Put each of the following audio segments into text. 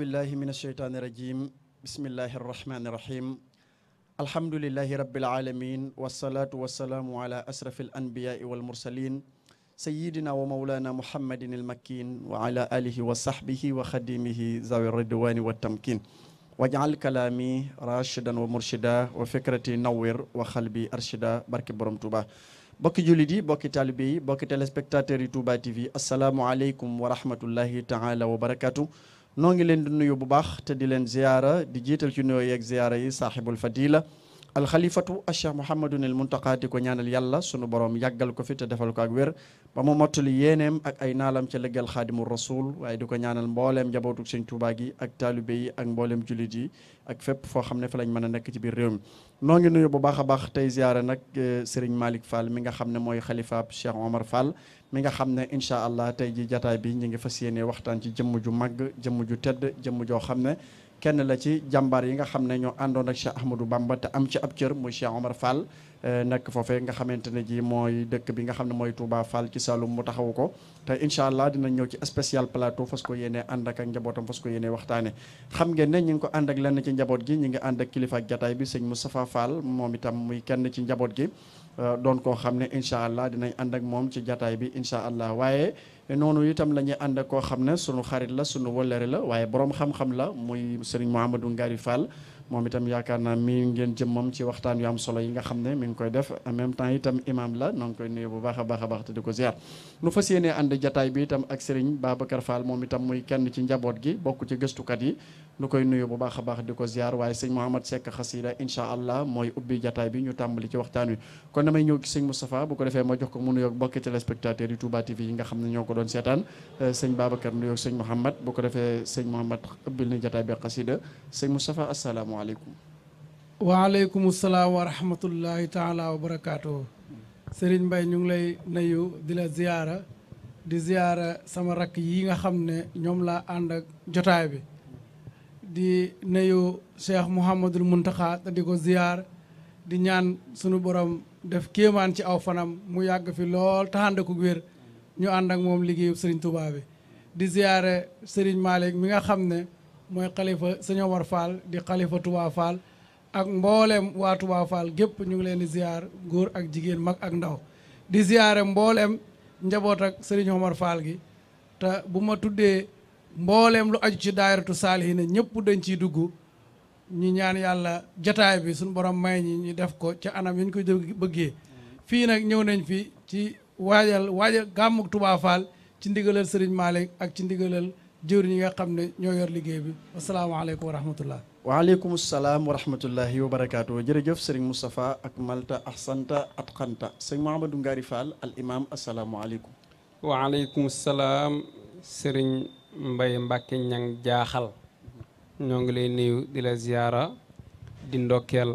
billahi min alsheytaani irajim bismillahi arrahmani irrahim alhamdulilahi rabbil alamin wasalaatu wasalaamu ala asrafi alanbiyaai walmursalin sayidina wa maulana muhammadin almakin wa ala alihi wa sahbihi wa xadimihi zawi ridwani wattamkin wajal kalaami rachidan wa murshida wa fikrati nawir wa xalbi arshida barke borom tuuba bokki jullit yi bokki taalibe yi bokki téléspectateurs yi touba tv asalaamualeykum wa rahmatullahi taala wa barakatu noo ngi leen di nuyu bu baax te di leen ziyaara di jiital ci nuyoo yeeg ziyaara yi saaxibul fadila alxalifatu acheikh mouhamadun al muntaqaa di ko ñaanal yàlla sunu borom yàggal ko fi te defal ko ak wér ba mu mottali yéeneem ak ay naalam ca lëggal xaadimu rasul waaye di ko ñaanal mbooleem njabootu sëñ Tuubaa gi ak taalibe yi ak mbooleem jullit yi ak fépp foo xam ne fa lañ mën a nekk ci biir réew mi noo ngi nuyu bu baax a baax tey ziyaara nag eh, Serigne Malick Fall mi nga xam ne mooy xalifaab Cheikh Omar Fall mi nga xam ne incha allah tey ji jataay bi ñi ngi fas yéene waxtaan ci jëmm ju màgg jëmm ju tedd jëmm joo xam ne kenn la ci jàmbaar yi nga xam ne ñoo àndoon ak Cheikh Ahmadou Bamba te am ci ab cër muy Cheikh Omar Fall eh, nekk foofee nga xamante ne ji mooy dëkk bi nga xam ne mooy Touba Fall ci Saloum mu taxawu ko te incha allah dinañ ñëw ci spécial plateau fas ko yéene ànd ak ak njabootam fas ko yéene waxtaane xam ngeen ne ñu ngi ko ànd ak lenn ci njaboot gi ñu ngi ànd ak kilifa jataay bi sëñ Moustapha Fall moom itam muy kenn ci njaboot gi Euh, doon koo xam ne incha allah dinañ ànd ak moom ci jataay bi incha allah waaye noonu itam la ñuy ànd koo xam ne sunu xarit la sunu wëllëre la waaye borom xam-xam la muy Serigne Mouhamadou Ngari Fall. moom itam yaakaar naa mi ngeen jëmmam ci waxtaan wi am solo yi nga xam ne mi ngi koy def en même temps itam imam la noo ngi koy nuyu bu baax a baax a baax di ko ziar nu fas yéenee ànd jataay bi itam ak Serigne Babacar Fall moom itam muy kenn ci njaboot gi bokk ci gëstukat yi nu koy nuyu bu baax a baax di ko ziar waaye sëñ Mouhamad Seck Xasida incha allah mooy ubbi jataay bi ñu tàmbali ci waxtaan wi kon damay ñëw ci sëñ Moustapha bu ko defee ma jox ko mu nuyoog bokki téléspectateurs yi Touba TV yi nga xam ne ñoo ko doon seetaan euh, sëñ Babacar nuyoog sëñ Mouhamad bu ko defee sëñ Mouhamad ubbil ni jataay bi xasida sëñ Moustapha asalaamaaleykum asalaamaaleykum waaleykum salaam wa rahmatullahi taala wa barakaatu. Serigne Mbaye ñu ngi lay nuyu di la ziyaara di ziyaara sama rakk yi nga xam ne ñoom laa ànd ak jotaay bi di nuyu Cheikh Mouhamadul Muntaxa te di ko ziyaar di ñaan sunu borom def kéemaan ci aw fanam mu yàgg fi lool te ku ko ñu ànd ak moom liggéeyu Serigne Touba bi di ziyaare Serigne Malick mi nga xam ne mooy xalifa sëñ Omar Fall di xalifa Touba Fall ak mboolem waa Touba Fall gépp ñu ngi leen di ziar ngóor ak jigéen mag ak ndaw di ziare mboolem njaboot ak sëriñ Omar Fall gi te bu ma tuddee mboolem lu aju ci daayiratu saalihiina ñëpp dañ ciy dugg ñu ñaan yàlla jataay bi suñu borom may ñi ñu def ko ca anam yu ñu ko bëggee fii nag ñëw nañ fi ci waajal waajal gàmmuk Touba Fall ci ndigalal sëriñ Malick ak ci ndigalal jëwri ñi nga xam ne ñoo yor liggéey bi asalaamaaleykum wa waaleykum salaam wa rahmatullahi wa jërëjëf sëriñ Moustapha ak Malta ahsanta atqanta sëriñ Mouhamadou Ngari Fall al imam asalaamaaleykum waaleykum salaam sëriñ mbay Mbacke ñang jaaxal ñoo ngi lay nuyu di la ziyaara di ndokkeel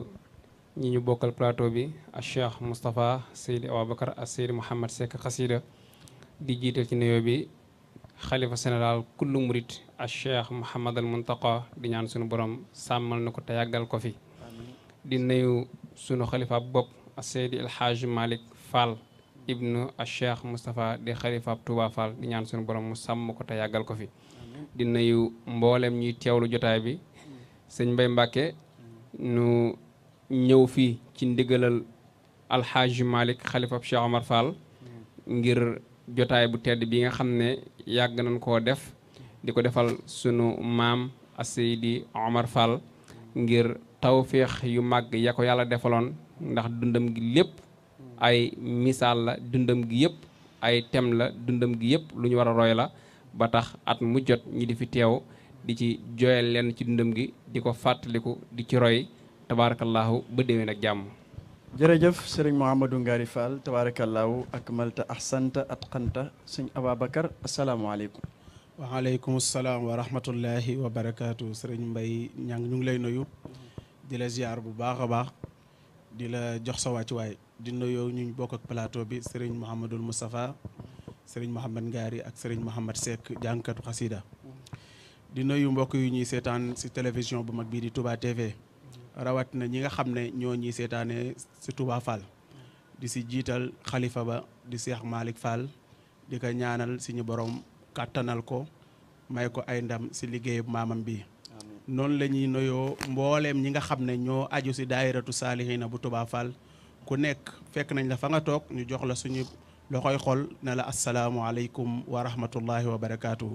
ñi ñu bokkal plateau bi a Cheikh Moustapha Seydi Ababacar ak Seydi Mouhamad Seck xasida di jiital ci nuyoo bi xalifa général kullu murit a cheikh Mouhamadal Muntaqa di ñaan sunu borom sàmmal na ko te yàggal ko fi. di nuyu sunu xalifa bopp a Seydi El Hadj Malick Fall ibnu a cheikh Moustapha di xalifa Touba Fall di ñaan sunu borom mu sàmm ko te yàggal ko fi. di nuyu mboolem ñuy teewlu jotaay bi sëñ Mbay Mbàkke nu ñëw fii ci ndigalal Al Hadj Malick xalifa Cheikh Omar Fall ngir. jotaay bu tedd bi nga xam ne yàgg nañ koo def di ko defal sunu maam Seydi Omar Fall ngir tawféex yu màgg yaa ko yàlla defaloon ndax dundam gi lépp ay misaal la dundam gi yëpp ay tem la dundam gi yëpp lu ñu war a roy la ba tax at mu jot ñi di fi teew di ci jooyal lenn ci dundam gi di ko fàttaliku di ci roy tabaarakallaahu ba déwén nag jàmm jërëjëf sëriñ Mouhamadou Ngari Fall tabaarakallaahu ak malta ahsanta atqanta sëñ Ababacar asalaamualeykum. waaleykum salaam wa rahmatullahi wa barakaatu sëriñ Mbaye ñang ñu ngi lay nuyu. di la ziar bu baax a baax. di la jox sa wàccuwaay di nuyoo ñu bokk ak plateau bi sëriñ Mouhamadul Moustapha. sëriñ Mouhamad Ngari ak sëriñ Mouhamad Seck jànkatu xasida di nuyu mbokk yu ñuy seetaan si télévision bu mag bii di Touba rawatina ñi nga xam ne ñoo ñuy seetaane si Touba Fall di si jiital xalifa ba di Cheikh maalik Fall di ko ñaanal suñu boroom kàttanal ko may ko ay ndam si liggéeyub maamam bi noonu la ñuy nuyoo mbooleem ñi nga xam ne ñoo aju si daayiratu saalihina bu Touba Fall ku nekk fekk nañ la fa nga toog ñu jox la suñu loxoy xol na la asalaamualeykum wa rahmatullahi wa barakaatu.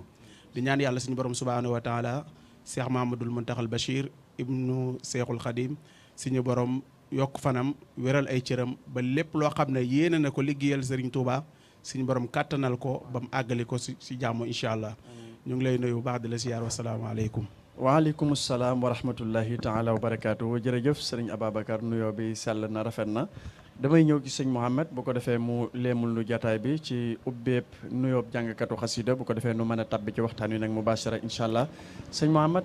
di ñaan yàlla suñu borom subhaanahu wa taala Cheikh Mamadul Muntaxal Bachir ibnu seexul xadim suñu borom yokk fanam wéral ay cëram ba lépp loo xam ne yéene na ko liggéeyal sëriñ Touba suñu borom kàttanal ko ba mu àggali ko si si jàmm incha allah ñu ngi lay nuyu bu baax di la siyaar wasalaamaaleykum waaleykum salaam wa rahmatullahi taala wa barakaatu jërëjëf sëriñ Ababacar nuyoo bi sell na rafet na damay ñëw ci sëñ Mouhamed bu ko defee mu leemul nu jataay bi ci ubbeeb nuyoob jàngkatu xasida bu ko defee nu mën a tabbi ci waxtaan wi nag mu bachara incha allah sëñ Mouhamed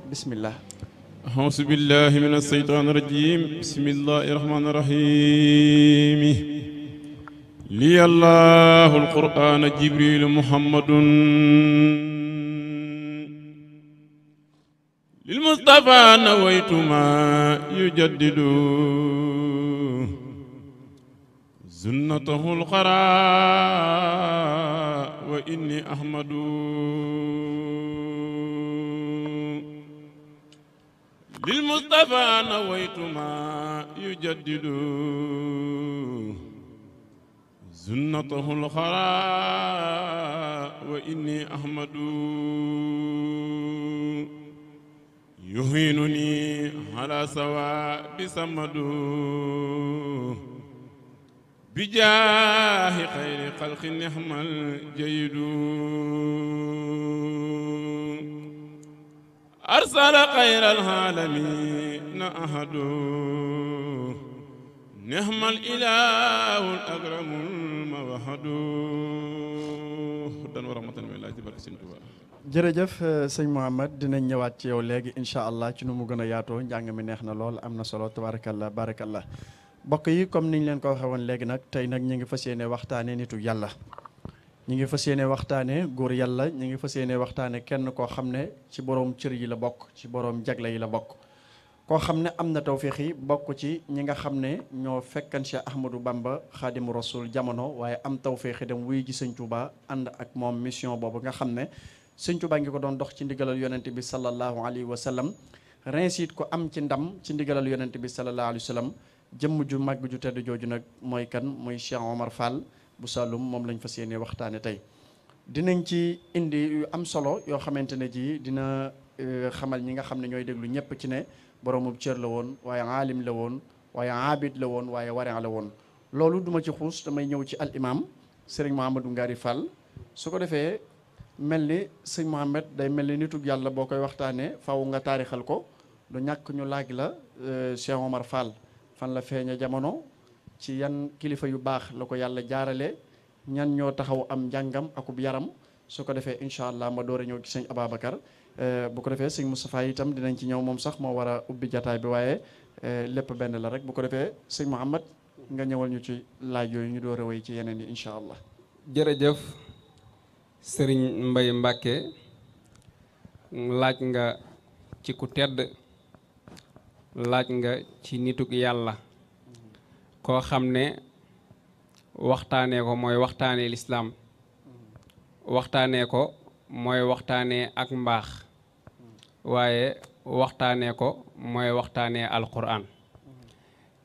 أعوذ بالله من الشيطان الرجيم بسم الله الرحمن الرحيم لي الله القرآن جبريل محمد للمصطفى نويت ما يجدد سنته القراء وإني أحمد للمصطفى نويت ما يجدد سنته الخراء وإني أحمد يهينني على سواء سمد بجاه خير خلق نحم الجيد أرسل خير العالمين أحد نعم الإله الأكرم الموحد dan wa Sëñ Tuubaa jërëjëf sëñ Mouhamed dinañ ñëwaat ci yow léegi incha allah ci nu mu gën a yaatoo njàng mi neex na lool am na solo tabarakallah barakallah mbokk yi comme niñ leen ko waxee woon léegi nag tey nag ñu ngi fas yéene waxtaanee nitu yàlla ñu ngi fas yéene waxtaane góor yàlla ñu ngi fas yéene waxtaane kenn koo xam ne ci boroom cër yi la bokk ci boroom jagle yi la bokk koo xam ne am na tawféex yi bokk ci ñi nga xam ne ñoo fekkan Cheikh Ahmadou Bamba xaadimu rasul jamono waaye am tawféexi dem wuy ji Sëñ Tuuba ànd ak moom mission boobu nga xam ne Sëñ Tuuba ngi ko doon dox ci ndigalal yonente bi sallallahu alayhi wa sallam rinsiit ko am ci ndam ci ndigalal yonente bi sallallahu alayhi wa sallam jëmm ju màgg ju tedd jooju nag mooy kan mooy Cheikh Omar Fall bu Saloum moom lañ fa yéene waxtaane tey dinañ ci indi yu am solo yoo xamante ne ji dina euh, xamal ñi nga xam ne ñooy déglu ñëpp ci ne boromub cër la woon waaye aalim la woon waaye aabid la woon waaye warin la woon loolu duma ci xuus damay ñëw ci al imam sëriñ Mouhamadou Ngari Fall su ko defee mel ni sëñ Mouhamed day mel ni nitug yàlla boo koy waxtaanee faw nga taarixal ko du ñàkk ñu laaj la euh, Cheikh Omar Fall fan la feeña jamono ci yan kilifa yu baax la ko yàlla jaarale ñan ñoo taxaw am njàngam akub yaram su ko defee incha allah ma door ñëw ci sëñ Ababacar eh, bu ko defee sëñ Moustapha itam dinañ ci ñëw moom sax moo war a ubbi jataay bi waaye eh, lépp benn la rek bu ko defee sëñ Mouhamad nga ñëwal ñu ci laaj yooyu ñu door a ci yeneen yi incha allah. jërëjëf sëriñ Mbay Mbàkke laaj nga ci ku tedd laaj nga ci nituk yàlla. koo xam ne waxtaanee ko mooy waxtaane lislaam waxtaanee ko mooy waxtaane ak mbaax waaye waxtaanee ko mooy waxtaanee alxuraan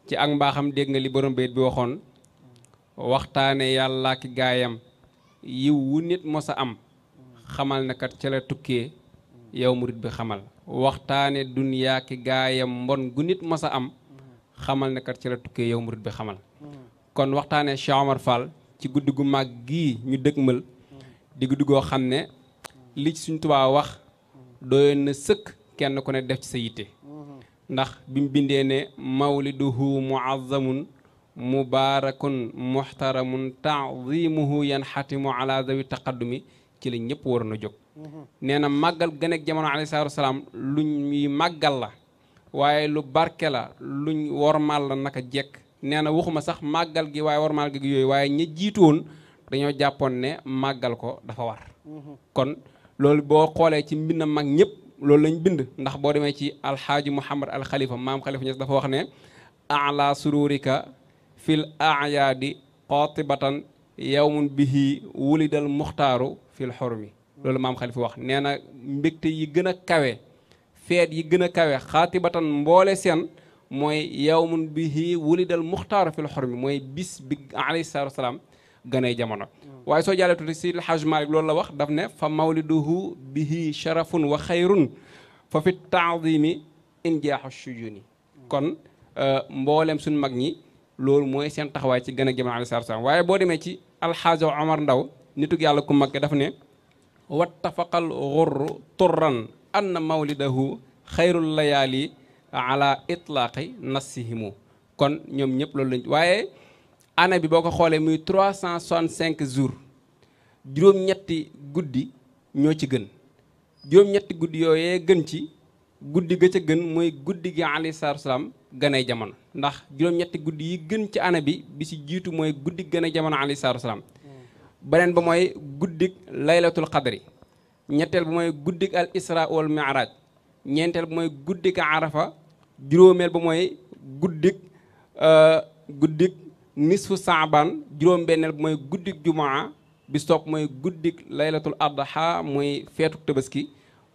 ci ak mbaaxam dégg nga li borom béyit bi waxoon waxtaane yàlla ki gaayam yiw wu nit mos am xamal na kat ca la tukkee yow murit bi xamal waxtaane duniyaa ki gaayam mbon gu nit mos am xamal ne kat ci la tukkee yow murit bi xamal hmm. kon waxtaanee Cheikh Omar Fall ci guddi gu mag gi ñu dëgmal hmm. di guddi goo xam ne hmm. li ci suñ Tuubaa wax doyoon na sëkk kenn ku ne def ci sa yitte ndax bi bindee ne mawliduhu muazzamun mubaarakun muxtaramun taazimuhu yanxatimu ala zawi taqaddumi ci la ñëpp waroon a jóg nee na màggal gën ak jamono alayhi wasalaam lu ñuy màggal la waaye lu barke la luñ wormaal la naka jekk nee na waxuma sax màggal gi waaye wormaal gi yooyu waaye ña jiitoon dañoo jàppoon ne màggal ko dafa war mhm. kon loolu boo xoolee ci mbind mag ñëpp loolu lañ bind ndax boo demee ci alxaaji muhammad alxalifa maam xalifa ñes dafa wax ne ala sururika fil ayaadi qatibatan yawmun bihi wulidal muxtaaru fil xormi loolu maam xalifa wax nee na mbégte yi gën a kawe feet yi gën a kawe xaatibatan mboole seen mooy yawmun bihi wulidal muxtaaru fil xormi mooy bis bi alayhi salaatu wasalaam ganay jamono waaye soo jàllee tuuti si Alxaaj Maalik loolu la wax daf ne fa mawliduhu bihi sharafun wa xayrun fa fi taadimi injaaxu sujuni kon euh, mboolem suñ mag ñi loolu mooy seen taxawaay ci gën a jamono alayhi salaatu waaye boo demee ci Alxaaj Omar Ndaw nitu yàlla ku mag dafa ne wattafaqal xurru turran am na anna mawlidahu xayrul layaali nas itlaaqi nassihimu kon ñoom ñëpp loolu lañ waaye année bi boo ko xoolee muy 365 jours juróom-ñetti guddi ñoo ci gën juróom-ñetti guddi yooyee gën ci guddi ga ca gën mooy guddi gi alayhi salaatu salaam ganay jamono ndax juróom-ñetti guddi yi gën ci année bi bi si jiitu mooy guddi gën a jamono alayhi salaatu salaam hmm. beneen ba mooy guddi laylatul qadri ñetteel bu mooy guddik al isra wal mi'raj ñeenteel bu mooy guddik arafa juróomeel ba mooy guddik euh, guddik nisfu saaban juróom benneel bu mooy guddik jumaa bi sopp mooy guddik laylatul adha mooy feetu tabaski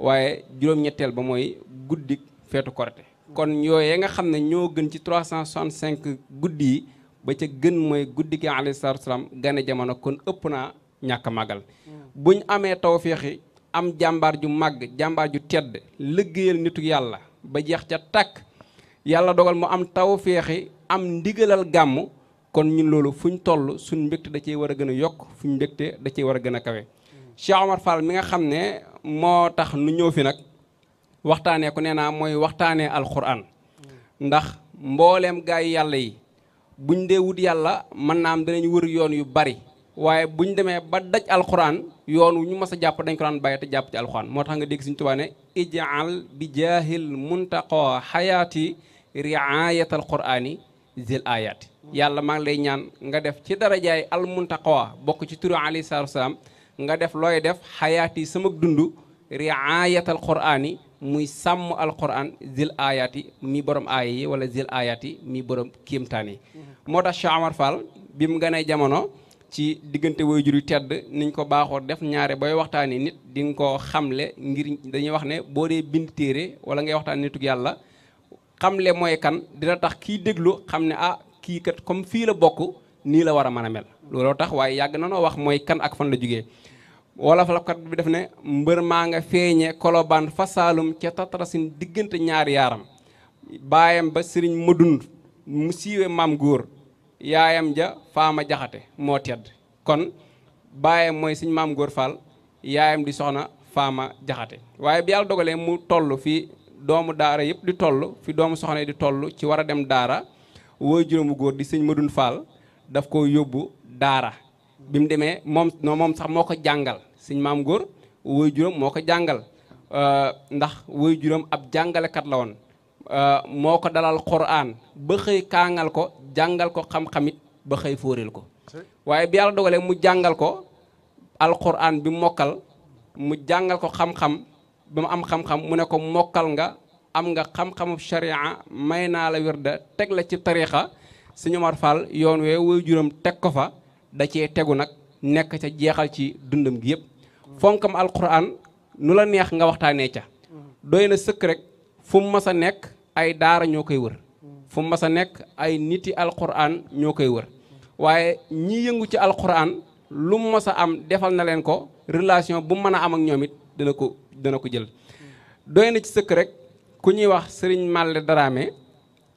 waaye juróom-ñetteel ba mooy guddik feetu korite kon yooyee nga xam ne ñoo gën ci 365 guddi yi ba ca gën mooy guddi gi alayhi salaatu salaam gane jamono kon ëpp naa ñàkk màggal hmm. buñ amee tawféexi am jàmbaar ju màgg jàmbaar ju tedd liggéeyal nitu yàlla ba jeex ca tàkk yàlla dogal mu am taw feexi am ndigalal gàmm kon ñun loolu fu ñu toll suñ mbégte da cee war a gën a yokk fu ñu mbégte da cee war a gën a kawe Cheikh Omar Fall mi nga xam ne moo tax nu ñëw fi nag waxtaanee ko nee naa mooy waxtaanee alxuraan ndax mbooleem gaay yàlla yi buñ dee wut yàlla mën naa am danañ wër yoon yu bari waaye bu ñu demee ba daj alxuraan yoon wu ñu mas a jàpp dañ ko daan bàyyi te jàpp ci alxuraan moo tax nga dégg suñu Tuubaa ne ijaal bi jaahil muntaqa xayaati riayat alquraani si ayati yàlla maa ngi lay ñaan nga def ci dara darajaay al muntaqa bokk ci turu alayhi salaatu wasalaam nga def looy def xayaati sama dund riayat alquraani muy sàmm alquran zil ayati mi borom aaya yi wala zil ayati mi borom kéemtaan yi mm-hmm. moo tax Cheikh Amar Fall bi mu gënee jamono ci diggante waajur yu tedd niñ ko baaxoo def ñaare booy waxtaanee nit di nga ko xamle ngir dañuy wax ne boo dee bind téere wala ngay waxtaan nitug yàlla xamle mooy kan dina tax kii déglu xam ne ah kii kat comme fii la bokk nii la war a mën a mel looloo tax waaye yàgg na noo wax mooy kan ak fan la jógee wala falkat bi def ne mbër maa nga feeñe kolobaan fa saalum ca tatrasin diggante ñaari yaaram baayam ba sëriñ madun mu siiwe maam góor yaayam ja faama jaxate moo tedd kon baayam mooy suñ maam góor faal yaayam di soxna faama jaxate waaye bi yàlla dogalee mu toll fi doomu daara yëpp di toll fi doomu soxna yi di toll ci war a dem daara wooy juróomu góor di sëñ madun faal daf ko yóbbu daara bi mu demee moom moom sax moo ko jàngal suñ maam góor wooy juróom moo ko jàngal euh, ndax wooy juróom ab jàngalekat la woon Euh, moo ko dalal Qur'an ba xëy kaangal ko jàngal ko xam-xamit ba xëy fóoril ko waaye bi yàlla dogalee mu jàngal ko alquran bi mokkal mu jàngal ko xam-xam ba mu am xam-xam mu ne ko mokkal nga am nga xam-xamu sharia may naa la wirda teg la ci tarixa Sëñ Omar Fall yoon we woy juróom teg ko fa da cee tegu nag nekk ca jeexal ci dundam gi yëpp fonkam alquran nu la neex nga waxtaanee ca mm-hmm. doy na sëkk rek fu mu nekk ay daara ñoo koy wër fu mas a nekk ay niti alquran ñoo koy wër waaye ñi yëngu ci alquran lu mu mas a am defal na leen ko relation bu mën a am ak ñoom it dana ko dina ko jël doy na ci sëkk rek ku ñuy wax sëriñ Malle Daraame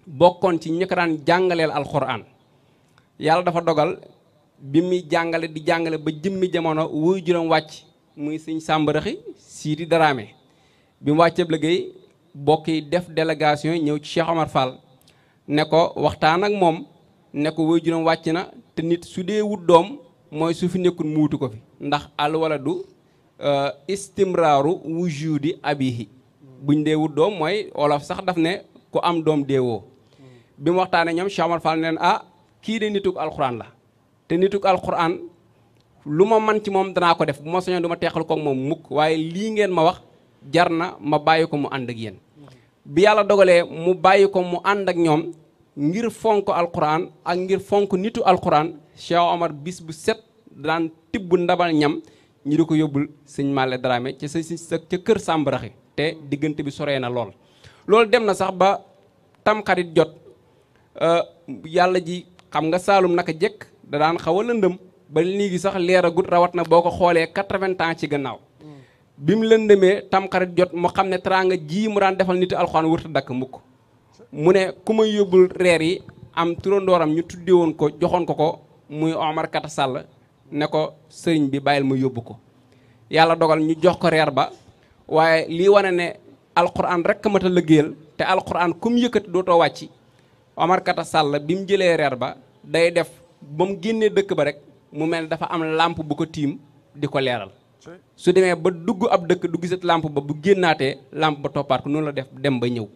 bokkoon ci ñi ko daan jàngaleel alquran yàlla dafa dogal bi muy jàngale di jàngale ba jëmmi jamono wuy juróom wàcc muy sëñ sàmbaraxi siidi di Daraame bi mu wàcceeb liggéey bokk yi def délégation ñëw ci Cheikh Omar ne ko waxtaan ak moom ne ko way juróom wàcc na te nit su dee wut doom mooy su fi nekkul muutu ko fi ndax al waladu euh, istimraaru wujudi abihi buñ dee wut doom mooy olof sax daf ne ku am doom deewoo bi mu waxtaanee ñoom Cheikh Omar Fall neen ah kii de nitug alxuraan la te nitug alxuraan lu ma man ci moom danaa ko def bu ma soñoon du ma teexal koog moom mukk waaye lii ngeen ma wax jar na ma bàyyi ko mu ànd ak yéen bi yàlla dogalee mu bàyyi ko mu ànd ak ñoom ngir fonk alxuraan ak ngir fonk nitu alxuraan Cheikh Omar bis bu set daan tibb ndabal ñam ñu di ko yóbbul sëñ Malle Dramé ca sa ca kër Sàmbaraxi te diggante bi soree na lool loolu dem na sax ba tamxarit jot euh, yàlla ji xam nga saalum naka jekk da daan xaw a lëndëm ba léegi sax leeragut rawat na boo ko xoolee 80 ci gannaaw bi mu leen demee tamxarit jot mu xam ne teraanga ji mu daan defal nit alxuraan wërta dakk mukk mu ne ku ma yóbbul reer yi am turandooram ñu tuddee woon ko joxoon ko ko muy Omar Kata Sall ne ko sëriñ bi bàyyil ma yóbbu ko yàlla dogal ñu jox ko reer ba waaye lii wane ne alxuraan rek mat a liggéeyal te alxuraan ku mu yëkkati dootoo wàcc Omar Kata Sall bi mu jëlee reer ba day def ba mu génnee dëkk ba rek mu mel ne dafa am làmp bu ko tiim di ko leeral su demee ba dugg ab dëkk du gisat lamp ba bu génnaatee làmp ba toppaat ko noonu la def dem ba ñëw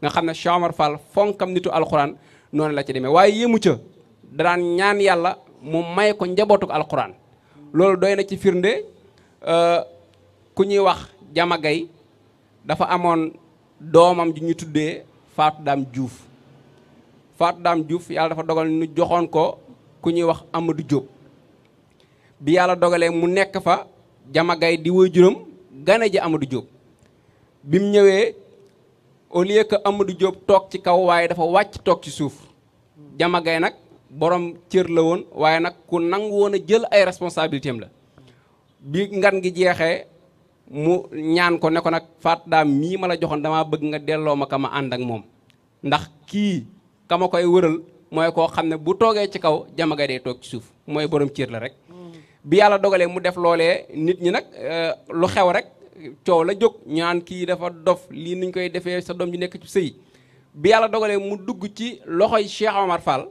nga xam ne Cheikh Omar Fall fonkam nitu alxuraan noonu la ci demee waaye yému ca daraan ñaan yàlla mu may ko njabootuk alxuraan loolu doy na ci firnde euh, ku ñuy wax jama dafa amoon doomam ju ñu tuddee Faatu Daam Juuf Faatu Daam Juuf yàlla dafa dogal nu joxoon ko ku ñuy wax Amadou Diop bi yàlla dogalee mu nekk fa jamagay di woy juróom gane ji Amadou Diop bi mu ñëwee au lieu que Amadou Diop toog ci kaw waaye dafa wàcc toog ci suuf jamagay nag borom cër la woon waaye nag ku nangu woon a jël ay responsabilité am la bi ngan gi jeexee mu ñaan ko ne ko nag faat daam mii ma la joxoon damaa bëgg nga delloo ma ka ma ànd ak moom ndax kii kama koy wëral mooy koo xam ne bu toogee ci kaw jamagay day toog ci suuf mooy borom cër la rek bi yàlla dogalee mu def loolee nit ñi nag euh, lu xew rek coow la jóg ñaan kii dafa dof lii niñ koy defee sa doom ji nekk ci sëy bi yàlla dogalee mu dugg ci loxoy Cheikh Omar Fall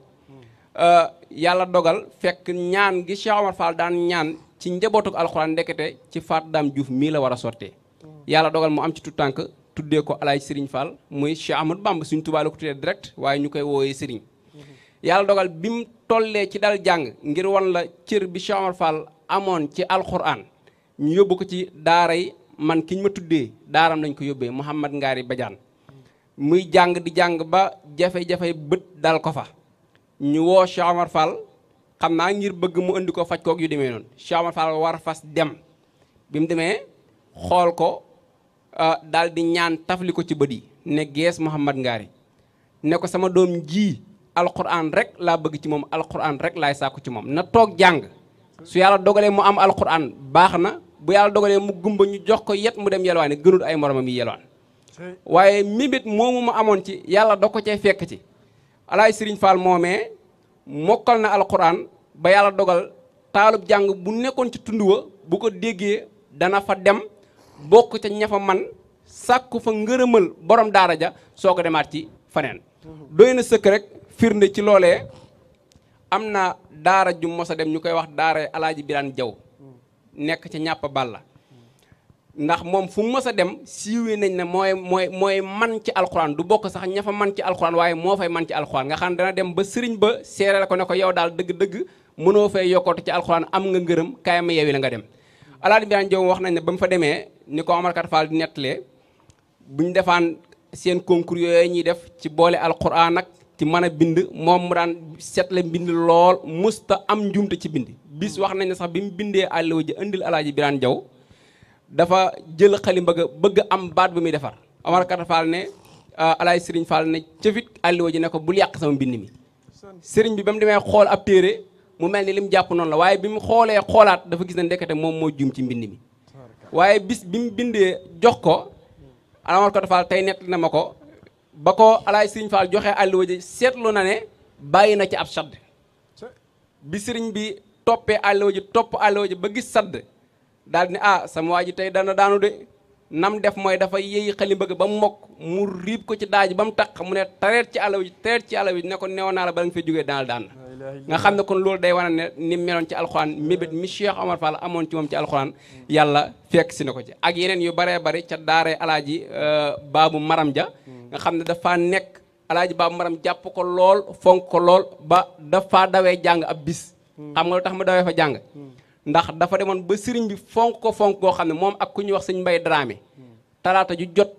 euh, yàlla dogal fekk ñaan gi Cheikh Omar Fall daan ñaan ci njabootu alxuraan ndekete ci faat Dame juuf mii la war a sottee yàlla dogal mu am ci tout tànk tuddee ko alaaj Serigne Fall muy Cheikh Ahmadou Bamba suñ tubaale ko tuddee waaye ñu koy wooyee Serigne yàlla dogal bi mu tollee ci dal jàng ngir wan la cër bi Cheikh Omar amoon ci alxuraan ñu yóbbu ko ci daara yi man kiñ ma tuddee daaram lañ ko yóbbee Mouhamad Ngaari Badiane muy jàng di jàng ba jafe-jafe bët dal ko fa ñu woo Cheikh Omar xam naa ngir bëgg mu indi ko faj kook yu demee noonu Cheikh Omar war fas dem bi mu demee xool ko ah, daldi ñaan tafli ko ci bët yi ne gees Mouhamad Ngaari ne ko sama doom ji alquran rek laa bëgg ci moom alquran rek laay sàkku ci moom na toog jàng su yàlla dogalee mu am alquran baax na bu yàlla dogalee mu gumba ñu jox ko yet mu dem yelwaani gënul ay moromam yi yelwaan waaye mibit moomu mu amoon ci yàlla da ko cee fekk ci alaay Sëriñ Fall moomee mokkal na alquran ba yàlla dogal taalub jàng bu nekkoon ci tund wa bu ko déggee dana fa dem bokk ca ña man sàkku fa ngërëmal borom daara ja soo ko demaat ci faneen mhm. doy na firnde ci loolee am na daara ju mos a dem ñu koy wax daara alaaji biraan jaw nekk ca ñàpp balla ndax moom fu mos a dem siiwee nañ ne mooy mooy mooy man ci alxuraan du bokk sax ña fa man ci alxuraan waaye moo fay man ci alxuraan nga xam dana dem ba sëriñ ba seere la ko ne ko yow daal dëgg-dëgg mënoo fay yokkootu ci alxuraan am nga ngërëm kaay ma yewi la nga dem alaaji biraan jaw wax nañ ne ba mu fa demee ni ko Omar Kat Fall di nettalee defaan seen concours ñuy def ci boole alxuraan ti mën a bind moom mu daan seetle mbind lool musta am njuumte ci bind bis wax nañ ne sax bi mu bindee àlliwa ji indil alaaji Biraan Jaw dafa jël xalimba bëgg am baat bu muy defar Omar Kata ne ah, alaaji Sëriñ Fall ne cëfit àlliwa ji ne ko bul yàq sama mbind mi sëriñ bi ba mu demee xool ab téere mu mel ni li mu jàpp noon la waaye bi mu xoolee xoolaat dafa gis ne ndekete moom moo juum ci mbind mi waaye bis bi mu bindee jox ko Omar Kata tey na ko ba ko alaay sëriñ Fall joxe àlluwa ji seetlu na ne bàyyi na ci ab sadd bi sëriñ bi toppee àlluwa ji topp àlluwa ji ba gis sadd daal di ne ah sama waa ji tey dana daanu de nam def mooy dafa yéyi xali mbëgg ba mu mokk mu riib ko ci daaj ba mu taq mu ne tareet ci àlluwa ji tareet ci àlluwa ji ne ko neewoon naa la bala nga fay jógee daanal daan nga xam ne kon loolu day wane ne ni meloon ci alxuraan mébét mi Cheikh Omar Fall amoon ci moom ci alxuraan yàlla fekk si na ko ci ak yeneen yu baree bari ca daaree alaaji euh, baabu maram ja hmm. nga xam ne dafa nekk alaaji baab maram jàpp ko lool fonk ko lool ba dafa dawee jàng ab bis xam nga lu tax mu dawee fa jàng ndax dafa demoon ba sëriñ bi fonk ko fonk goo xam ne moom ak ku ñuy wax sëñ mbay dramé talaata ju jot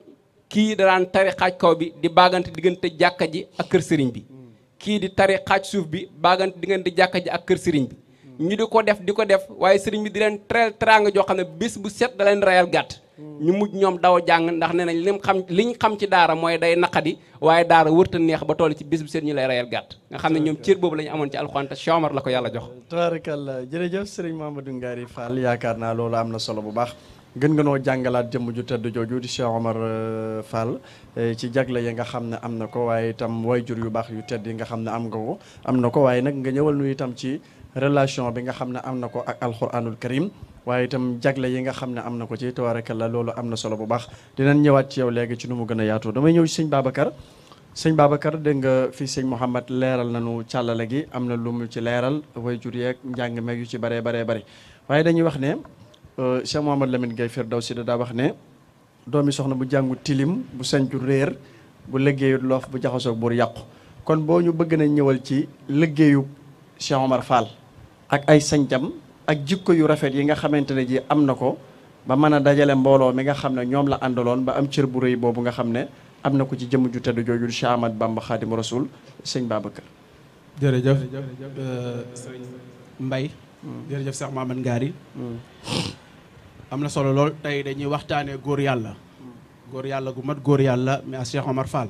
kii daraan tari xaaj kaw bi di baagante diggante jàkka ji ak kër sëriñ bi kii di tari xaaj suuf bi baagante diggante jàkka ji ak kër sëriñ bi ñu di ko def di ko def waaye sëriñ bi di leen teel teraanga joo xam ne bis bu set da ñu mujj ñoom daw jàng ndax nee nañ lim xam liñ xam ci daara mooy day naqadi waaye daara wërta neex ba toll ci bis bu seen ñu lay rayal gàtt nga xam ne ñoom cër boobu la ñu amoon ci alxuraan te Cheikh Omar la ko yàlla jox tabarakallah jërëjëf sëriñ Mamadou Ngari Fall yaakaar naa loolu am na solo bu baax gën noo jàngalaat jëmm ju tedd jooju di Cheikh Omar euh, Fall euh, ci jagle yi nga xam ne am na ko waaye itam wayjur yu baax yu tedd yi nga xam ne am nga ko am na ko waaye nag nga ñëwal nu itam ci relation bi nga xam ne am na ko ak alxuraanul karim waaye itam jagle yi nga xam ne am na ko ci te tabaarakalla loolu am na solo bu baax dinañ ñëwaat ci yow léegi ci nu mu gën a yaatoo damay ñëw ci sëñ Babacar sëñ Babacar dégg nga fii sëñ Mouhamed leeral nañu càllale gi am na lu ci leeral way yeeg njàng meeg yu ci baree baree bari waaye dañuy wax ne euh, Cheikh Mouhamed Lamine Gueye Firdawsi daa wax ne doomi soxna bu jàngu tilim bu sañcu réer bu liggéeyut loof bu jaxasoog buur yàqu kon boo ñu bëgg nañ ñëwal ci liggéeyu Cheikh Omar Fall ak ay sañcam ak jikko yu rafet yi nga xamante ne ji am na ko ba mën a dajale mbooloo mi nga xam ne ñoom la àndaloon ba am cër bu rëy boobu nga xam ne am na ko ci jëmm ju tedd jooju Cheikh Ahmad Bamba Khadim Rasoul sëñ Babacar. jërëjëf sëñ Mbaye. Hmm. jërëjëf Cheikh Mamadou Ngari. Hmm. am na solo lool tey dañuy waxtaanee góor yàlla. Hmm. góor yàlla gu mat góor yàlla mais Cheikh Omar Fall.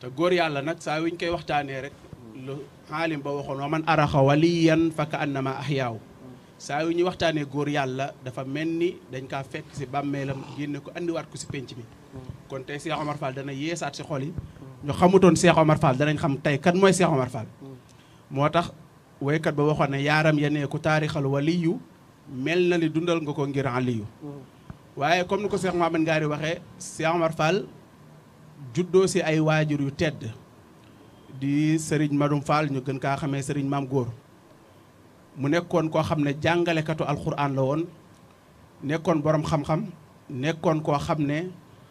te góor yàlla nag saa yu koy waxtaanee rek. xaalim ba waxoon wa man araxa waliyan fa ka annama ahyaaw saa yu ñuy waxtaanee góor yàlla dafa mel ni dañ kaa fekk si bàmmeelam génne ko andiwaat ko si penc mi kon tey Cheikh Omar Fall dana yeesaat si xol yi ñu xamutoon Cheikh Omar Fall danañ xam tey kan mooy Cheikh Omar Fall moo tax woykat ba waxoon ne yaaram yenee ku taarixal waliyu mel na ni dundal nga ko ngir aliyu waaye comme ni ko Cheikh Mohamed Ngaari waxee Cheikh Omar Fall juddoo si ay waajur yu tedd di Serigne Madoum Fall ñu gën kaa xamee Serigne Maam Góor mu nekkoon koo xam ne jàngalekatu alxuraan la woon nekkoon boroom xam-xam nekkoon koo xam ne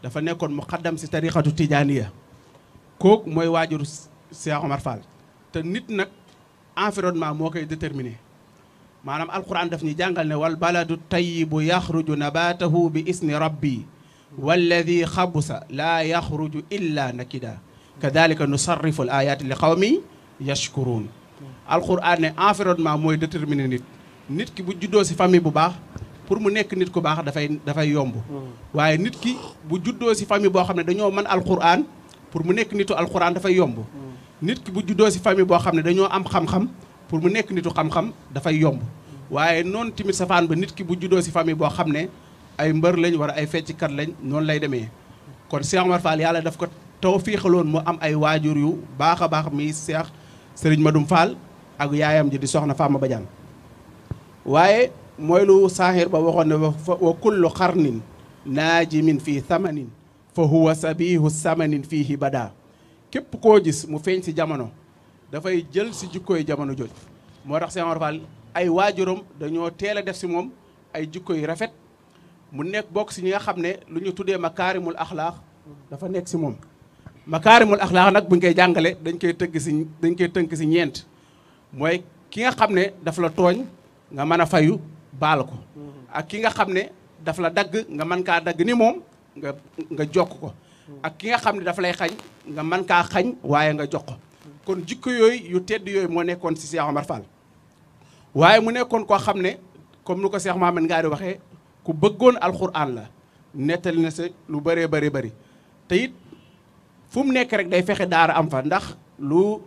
dafa nekkoon mu xaddam si tariqatu ya kooku mooy waajur Cheikh Omar te nit nag environnement moo koy déterminer maanaam alxuraan daf ñu jàngal ne wal baladu tayyibu yaxruju nabatahu bi isni rabbi walladi xabusa laa yaxruju illa nakida kadalika nusarrifu al ayati li xawmi yashkuruun alquran ne environnement mooy déterminer nit nit ki bu juddoo si famille bu baax pour mu nekk nit ku baax dafay dafay yomb hmm. waaye nit ki bu juddoo si famille boo xam ne dañoo mën alquran pour mu nekk nitu alquran dafay yomb hmm. nit ki bu juddoo si famille boo xam ne dañoo am xam-xam pour mu nekk nitu xam-xam dafay yomb hmm. waaye noonu tamit safaan ba nit ki bu juddoo si famille boo xam ne ay mbër lañ war ay fecckat lañ noonu lay demee kon Cheikh yàlla daf ko tawfiixaloon mu am ay waajur yu baax a baax mi seex sëriñ Madoum Fall ak yaayam ji di soxna Fama Badiane waaye mooy lu saaxir ba waxoon ne wa kullu xarnin naajimin fii thamanin fa huwa sabihu samanin fiihi bada képp koo gis mu feeñ si jamono dafay jël si jikkooy jamono joj moo tax Seex Omar Fall ay waajuram dañoo teel a def si moom ay jikko yu rafet mu nekk bokk si ñi nga xam ne lu ñu tuddee makaarimul axlaax dafa nekk si moom makaarimul axlaax nag buñ koy jàngale dañ koy tënk si dañ koy tënk si ñeent mooy ki nga xam ne daf la tooñ nga mën a fayu baal ko ak ki nga xam ne daf la dagg nga mën kaa dagg ni moom nga jokk ko ak ki nga xam ne daf lay xañ nga mën kaa xañ waaye nga jox ko kon jikko yooyu yu tedd yooyu moo nekkoon si Cheikh Omar Fall waaye mu nekkoon koo xam ne comme nu ko Cheikh Mohamed ngaa waxee ku bëggoon alxuraan la nettali na sa lu bëree bëri bëri te fu mu nekk rek day fexe daar am fa ndax lu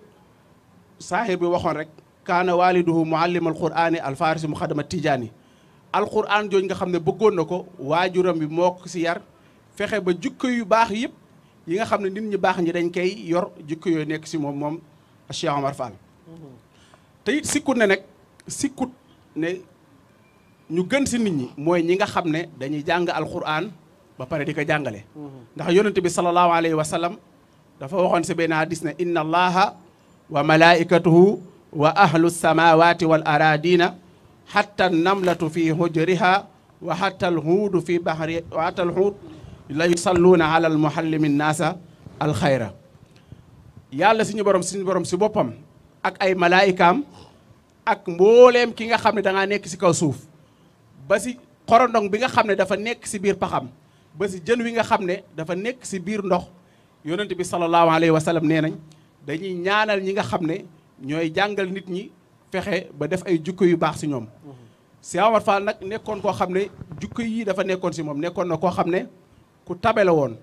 saahir bi waxoon rek kaana waaliduhu muallim alqurani alfarisi muxadama tijaani alquran jooju nga xam ne bëggoon na ko waajuram bi mook ko si yar fexe ba jukko yu baax yëpp yi nga xam ne nit ñu baax ñi dañ koy yor jukko yooyu nekk si moom moom Cheikh Omar Fall te it sikkut ne nag sikkut ne ñu gën si nit ñi mooy ñi nga xam ne dañuy jàng alquran ba pare di ko jàngale mm-hmm. ndax yonente bi sallallahu alayhi wa dafa waxoon si benn hadis ne inna allaha wa malaikatuhu wa ahlu samawati wal aradina hatta namlatu fi hujriha wa hatta alhuudu fi bahri wa hatta alhuud la yusalluuna ala almuhallimi nnaasa alxayra yàlla suñu borom suñu borom si boppam ak ay malaayikaam ak mbooleem ki nga xam ne da nekk si kaw suuf ba si xorondong bi nga xam ne dafa nekk si biir paxam ba si jën wi nga xam ne dafa nekk si biir ndox yonent bi sallallahu alayhi wa sallam nee nañ dañuy ñaanal ñi nga xam ne ñooy jàngal nit ñi fexe ba def ay jukko yu baax si ñoom. Cheikh Omar Fall nag nekkoon koo xam ne jukko yi dafa nekkoon si moom nekkoon na koo xam ne ku tabe woon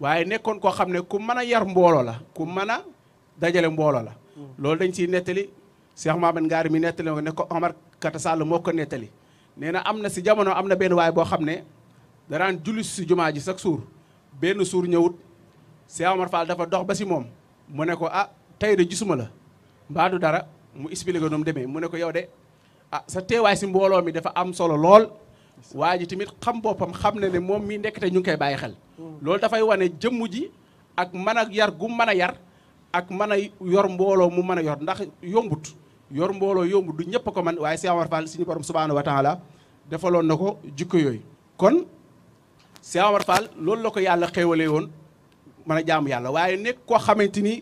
waaye nekkoon koo xam ne ku mën a yar mbooloo la ku mën a dajale mbooloo la. loolu dañ ciy nettali Cheikh Mohamed Ngaari mi nettali ne ko Omar Kata moo ko nettali nee na am na si jamono am na benn waay boo xam ne daraan julli si jumaa ji chaque jour benn suur ñëwut. Cheikh Omar Fall dafa dox ba si moom mu ne ko ah tey de gisuma la mbaa du dara mu expliqué ko mu demee mu ne ko yow de ah sa teewaay si mbooloo mi dafa am solo lool. waa ji tamit xam boppam xam ne ne moom mii nekk te ñu ngi koy bàyyi xel. loolu dafay wane jëmm ji ak man a yar gu mën a yar ak man a yor mbooloo mu mën a yor ndax yombut. yor mbooloo yombut du ñëpp ko man waaye Cheikh Omar Fall suñu borom subhaanahu wa taala defaloon na ko jikko yooyu. kon Cheikh yàlla xéewalee woon. mën a jaamu yàlla waaye nekk koo xamante ni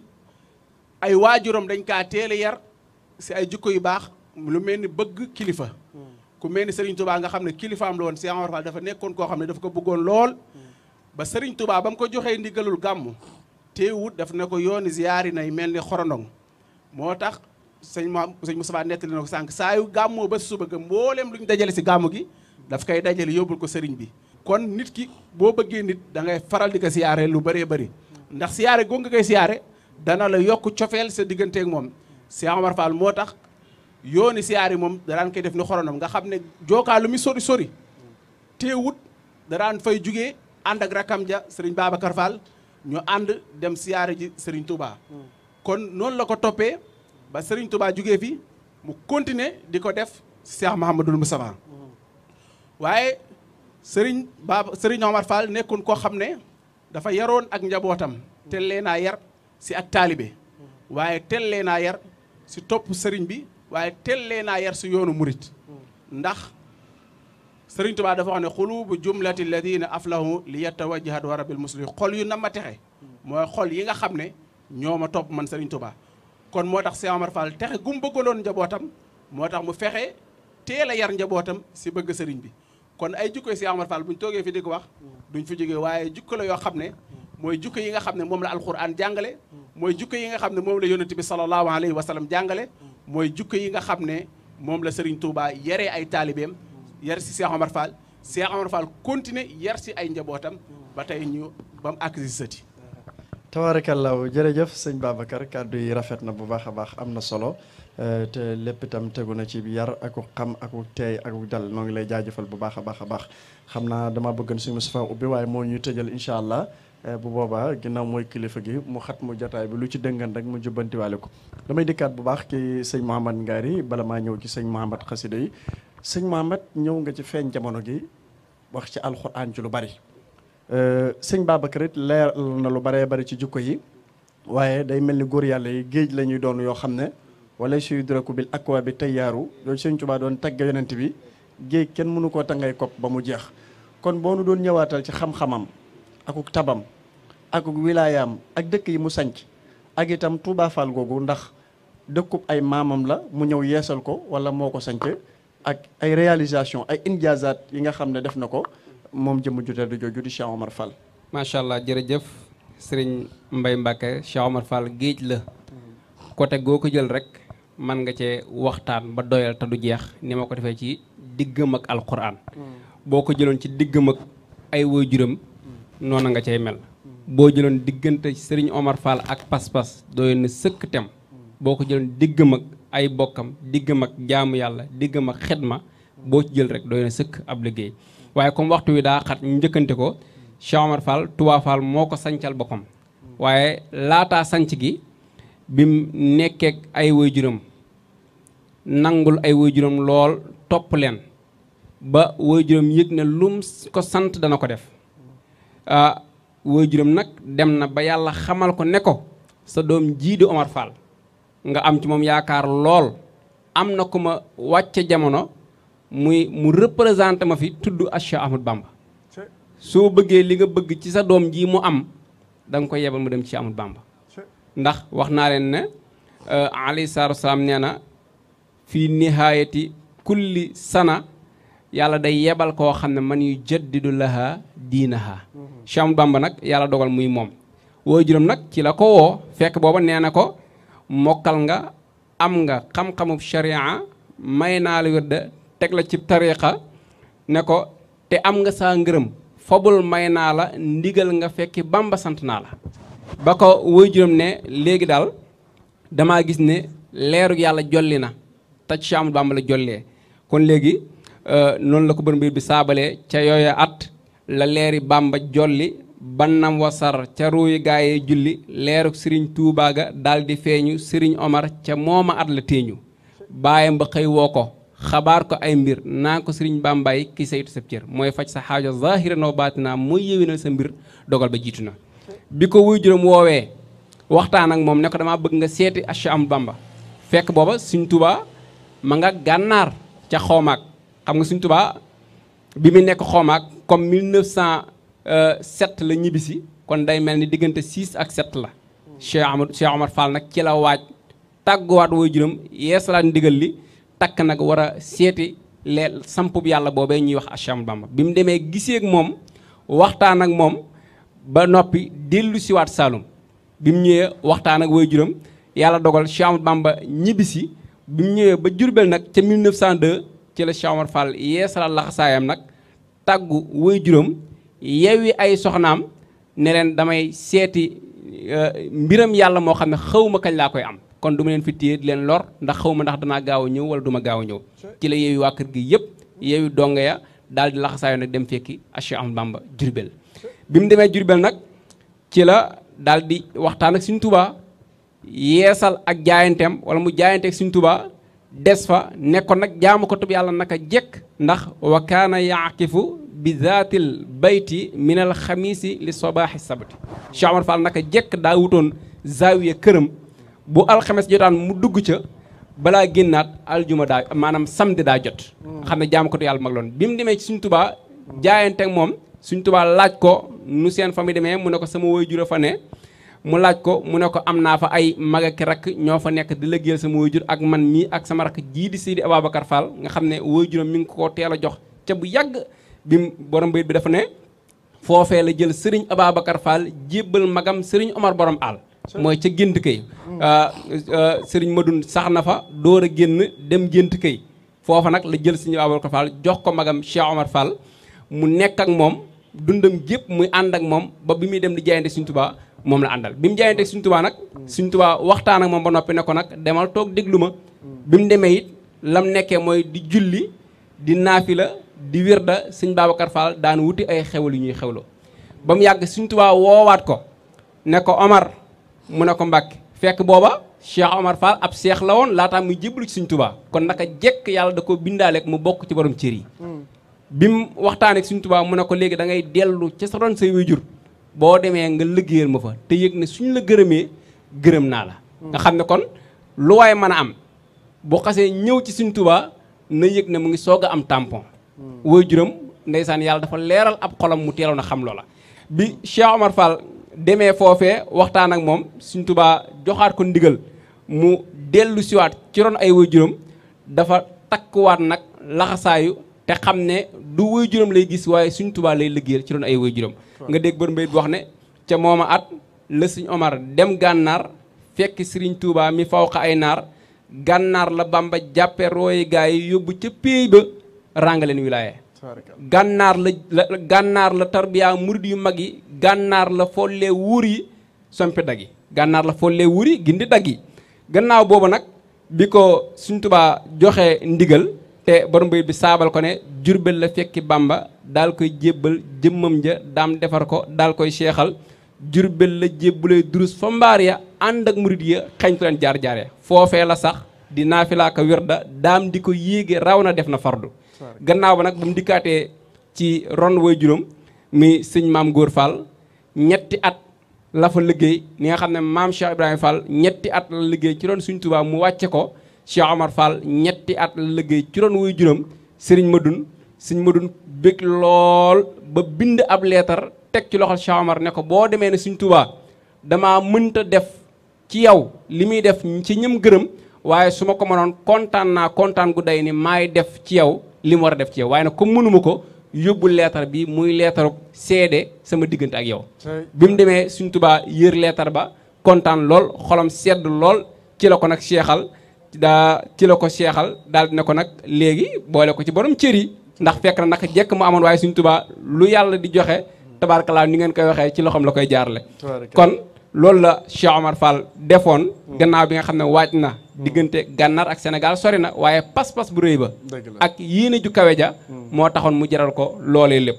ay waajuram dañ kaa teel a yar si ay jikko yu baax lu mel ni bëgg kilifa. ku mel ni Serigne Touba nga xam ne kilifaam la woon Cheikh Omar dafa nekkoon koo xam ne dafa ko bëggoon lool. ba Serigne Touba ba mu ko joxee ndigalul gàmmu teewut daf ne ko yooni ziyaari nay mel ni xorondong moo tax sëñ maam sëñ Moussa nettali na ko sànq saa gàmmoo ba suba ga mboolem lu dajale si gàmmu gi daf koy dajale yóbbul ko sëriñ bi. kon nit ki boo bëggee nit da ngay faral di ko siyaare lu baree bëri ndax siyaare goo nga koy siyaare dana la yokk cofeel sa digganteeg moom Cheikh Omar Fall moo tax yooni siyaare moom daraan koy def ni xoronam nga xam ne jookaa lu sori sori teewut daraan fay jugee ànd ak rakam ja sëriñ Babacar Fall ñu ànd dem siyaare ji sëriñ Touba kon noonu la ko toppee ba sëriñ Touba jugee fi mu continuer di ko def Cheikh Mahamadul Moustapha waaye sëriñ Baba sëriñ Omar Fall nekkoon koo xam ne dafa yaroon ak njabootam tel lee naa yar si ak taalibe waaye tel lee naa yar si topp sëriñ bi waaye tel lee naa yar si yoonu murit ndax sëriñ Tuubaa dafa wax ne xulubu jumlati alladina aflahu li yatawajjahat wa rabbil muslimin xol yu na ma texe mooy xol yi nga xam ne ñoo ma topp man sëriñ Tuubaa kon moo tax Cheikh Omar Fall texe gum bëggaloon njabootam moo tax mu fexe teel a yar njabootam si bëgg sëriñ bi kon ay jikko si Amar Fall ñu toogee fi di ko wax duñ fi jógee waaye jikko la yoo xam ne mooy jikko yi nga xam ne moom la alquran jàngale mooy jikko yi nga xam ne moom la yonent bi sallallahu alayhi wa sallam jàngale mooy jikko yi nga xam ne moom la Serigne Touba yaree ay taalibeem yar si Cheikh Omar Fall Cheikh Omar Fall yar si ay njabootam ba tey ñu bam mu agsi sëti tabaarakallahu jërëjëf sëñ Babacar kàddu yi rafet na bu baax a baax am na solo euh, te lépp itam tegu na ci yar aku xam aku teey aku dal noo ngi lay jaajëfal bu baax a baax a baax xam naa dama bëggoon suñu Moustapha ubbi waaye moo ñuy tëjal incha allah euh, bu boobaa ginnaaw mooy kilifa gi mu xat mu jotaay bi lu ci dëngan rek mu jubbantiwaale ko damay dikkaat bu baax ki sëñ Mouhamad Ngari bala maa ñëw ci sëñ Mouhamad xasida yi sëñ Mouhamad ñëw nga ci feeñ jamono gi wax ci alxuraan ci lu bari Euh, sëñ Babacar leer leeral na lu baree bari ci jukko yi waaye day mel ni góor yàlla yi géej la ñuy doon yoo xam ne wala suy draku bil akwa bi tayyaaru loolu sëñ Tuubaa doon tagge yonent bi géej kenn mënu koo tangay kopp ba mu jeex kon boo nu doon ñëwaatal ci xam-xamam akuk tabam akuk wilaayaam ak dëkk yi mu sanc ak itam Touba Fall googu ndax dëkkub ay maamam la mu ñëw yeesal ko wala moo ko sanc ak ay réalisation ay injaazaat yi nga xam ne def na ko moom jëmm ju tedd jooju di Cheikh Omar macha allah jërëjëf sëriñ Mbaye Mbacke Cheikh Omar Fall géej la. côté goo ko jël rek man nga cee waxtaan ba doyal te du jeex ni ma ko defee ci diggam ak alquran. boo ko jëloon ci diggam mag ay waajuram noona nga cay mel. boo jëloon diggante sëriñ Omar Fall ak pas-pas doyoon na sëkk tem. boo ko jëloon diggam ak ay bokkam diggam ak jaamu yàlla diggam ak xedma boo ci jël rek doy na sëkk ab liggéey. waaye comme waxtu wi daa xat ñu njëkkante ko Cheikh Omar Fall Touba moo ko sancal boppam waaye laataa sanc gi bim nekkeek ay waajuram nangul ay juram lool topp leen ba waajuram yëg ne lum ko sant dana ko def ah juram nag dem na ba yàlla xamal ko ne ko sa doom jii di Omar Fall nga am ci moom yaakaar lool am na ku ma wàcce jamono muy mu représenté ma fi tudd Cheikh Ahmad Bamba soo bëggee li nga bëgg ci sa doom ji mu am da ko yebal mu dem ci Cheikh Ahmad ndax wax naa leen ne euh, alayhi salaatu wasalaam nee na fii nihaayati kulli sana yàlla day yebal koo xam ne man yu jaddidu laha diinaha mhm. Cheikh Ahmad Bamba nag yàlla dogal muy moom wooy juróom nag ci la ko woo fekk booba nee na ko mokkal nga am nga xam-xamub sharia may naa la wérda teg la ci tariqa ne ko te am nga saa ngërëm fobul may naa la ndigal nga fekki bamba sant naa la ba ko waajuram ne léegi daal dama gis ne leeru yàlla jolli na te ci amul bamba la jollee kon léegi euh, noonu la ko bër mbir bi saabalee ca yooya at la leeri bamba jolli bannam wasar ca ruuy gaaye julli leeruk sëriñ tuubaa ga daal di feeñu sëriñ omar ca mooma at la téeñu baayam ba woo ko xabaar ko ay mbir naa ko sëriñ bàmbaay ki saytu sa cër mooy faj sa xaajo zahiran wa baatinaa mooy yéwénal sa mbir dogal ba jiitu na bi ko wuy juróom woowee waxtaan ak moom ne ko damaa bëgg nga seeti Cheikh Ahmadou Bamba fekk booba Sëriñ Tuubaa ma nga gànnaar ca xoomaak xam nga Sëriñ Tuubaa bi mu nekk xoomaak comme 1907 la ñibbisi kon day mel ni diggante 6 ak 7 la Cheikh Ahmadou Cheikh Omar Fall nag ci la waaj tàgguwaat wuy juróom yeesalaat ndigal li takk nag war a seeti leel sampub yàlla boobee ñuy wax Acham Bamba bi mu demee giseek moom waxtaan ak moom ba noppi déllu siwaat Saalum bi mu ñëwee waxtaan ak juróom yàlla dogal Cheikh Ahmadou Bamba ñibbisi bi mu ñëwee ba Jurbel nag ca 1902 ci la Cheikh Omar Fall yeesalaat laxasaayam nag tàggu juróom yewwi ay soxnaam ne damay seeti euh, mbiram yàlla moo xam ne xawma kañ laa koy am kon du ma leen fi téye di leen lor ndax xaw ma ndax danaa gaaw a ñëw wala du ma gaaw a ñëw ci la yeewi waa kër gi yëpp yeewi donga ya daal di laxasaayo nag dem fekki Cheikh Ahmadou Bamba Jurbel bi mu demee Jurbel nag ci la daldi waxtaan ak Sëriñ Tuubaa yeesal ak jaayanteem wala mu jaayante ak Sëriñ des fa nekkoon nag jaamu ko tub yàlla naka jekk ndax wa kaana yaaqifu bi zaatil bayti min al xamiisi li sobaaxi sabti Cheikh Omar Fall naka jekk daa wutoon këram bu alxames jotaan mu dugg ca balaa génnaat aljuma daa maanaam samedi daa jot hmm. xam ne jaamu ko tu yàlla mag loon bi demee ci suñ tubaa jaayante ak moom suñ tubaa laaj ko nu seen famille demee mu ne ko sama waajur a fa ne mu laaj ko mu ne ko am naa fa ay mag ak rakk ñoo fa nekk di liggéeyal sama waajur ak man mii ak sama rakk jii di Seydi Ababacar Fall nga xam ne waajuram mi ngi ko teel a jox ca bu yàgg bi borom bayit bi dafa ne foofee la jël sëriñ Ababacar Fall jébbal magam sëriñ Omar borom àll mooy ca gént kay mm. ah, ah, sëriñ Madoun sax na fa door a génn dem gént kay foofa nag la jël sëriñ Babacar Fall jox ko magam Cheikh Omar Fall mu nekk ak moom dundam gépp muy ànd ak moom ba bi muy dem di jaayante sëriñ Tuubaa moom la àndal bi mu jaayante sëriñ Tuubaa nag mm. sëriñ Tuubaa waxtaan ak moom ba noppi ne ko nag demal toog déglu ma mm. bi mu demee it lam nekkee mooy di julli di naafila di wirda sëriñ Babacar Fall daan wuti ay xewal yu ñuy xewloo ba mu yàgg sëriñ Tuubaa woowaat ko ne ko Omar mu ne ko Mbàkke fekk booba Cheikh Omar Fall ab seex la woon laataa muy jébbalu ci Sëriñ Tuubaa kon naka jekk yàlla da ko bindaaleeg mu bokk ci borom cër yi mm. bi mu waxtaanee ak Sëriñ mu ne ko léegi da ngay dellu ca sa doon say waajur boo demee nga liggéeyal ma fa te yëg ne suñu la gërëmee gërëm naa la mm. nga xam ne kon lu waaye man a am bu xasee ñëw ci Sëriñ Tuubaa na yëg ne mu ngi soog a am tampon mm. waajuram ndeysaan yàlla dafa leeral ab xolom mu teeloon a xam demee foofee waxtaan ak moom Sëriñ Tuubaa joxaat ko ndigal mu dellusiwaat ci ron ay waajuram dafa takkuwaat nag laxasaayu te xam ne du waajuram lay gis waaye Sëriñ Tuubaa lay liggéeyal ci ron ay waajuram nga dégg bër mbay bi wax ne ca mooma at la Sëriñ Omar dem gànnaar fekk siriñ Tuubaa mi faw xa ay naar gànnaar la Bamba jàppe rooyi gaay yi yóbbu ca péey ba Rangaleen wilaaye gànnaar la la gànnaar la yu mag yi gànnaar la follee wuur yi sompi dag yi la follee wuur yi gindi dag yi gannaaw boobu nag bi ko Sëriñ Tuubaa joxe ndigal te borom bayit bi saabal ko ne Jurbel la fekki Bàmba daal koy jébbal jëmmam ja daam defar ko daal koy seexal Jurbel la jébbalee durus fa mbaar ya ànd ak murid ya xañ ko leen jaar-jaare foofee la sax di naafila wirda daam di ko yéege raw na def na fardu gannaaw ba nag bu mu dikkaatee ci ron way juróom mi sëñ maam góor Fall ñetti at la fa liggéey ni nga xam ne maam Cheikh Ibrahima Fall ñetti at la liggéey ci ron suñ Tuubaa mu wàcce ko Cheikh Omar Fall ñetti at la liggéey ci ron way juróom sëriñ Madun sëñ Madun bég lool ba bind ab leetar teg ci loxol Cheikh Omar ne ko boo demee ne suñ Tuubaa damaa mënta def ci yow li muy def ci ñëm gërëm waaye su ma ko mënoon kontaan naa kontaan gu day ni maay def ci yow li mu war a def cee yow waaye nag comme mënuma ko yóbbu leetar bi muy leetaru seede sama diggante ak yow bi mu demee suñ tubaa yër leetar ba kontaan lool xolom sedd lool ci la ko nag seexal daa ci la ko seexal daal dina ko nag léegi boole ko ci borom cër yi ndax fekk na naka jekk mu amoon waaye suñ tubaa lu yàlla di joxe tabaarkalaa ni ngeen koy waxee ci loxoom la koy jaarle kon loolu la Cheikh Omar Fall defoon gannaaw bi nga xam ne waaj na diggante gànnaar ak Sénégal sori na waaye pas-pas bu rëy ba ak yéene ju kawe ja moo taxoon mu jaral ko loolee lépp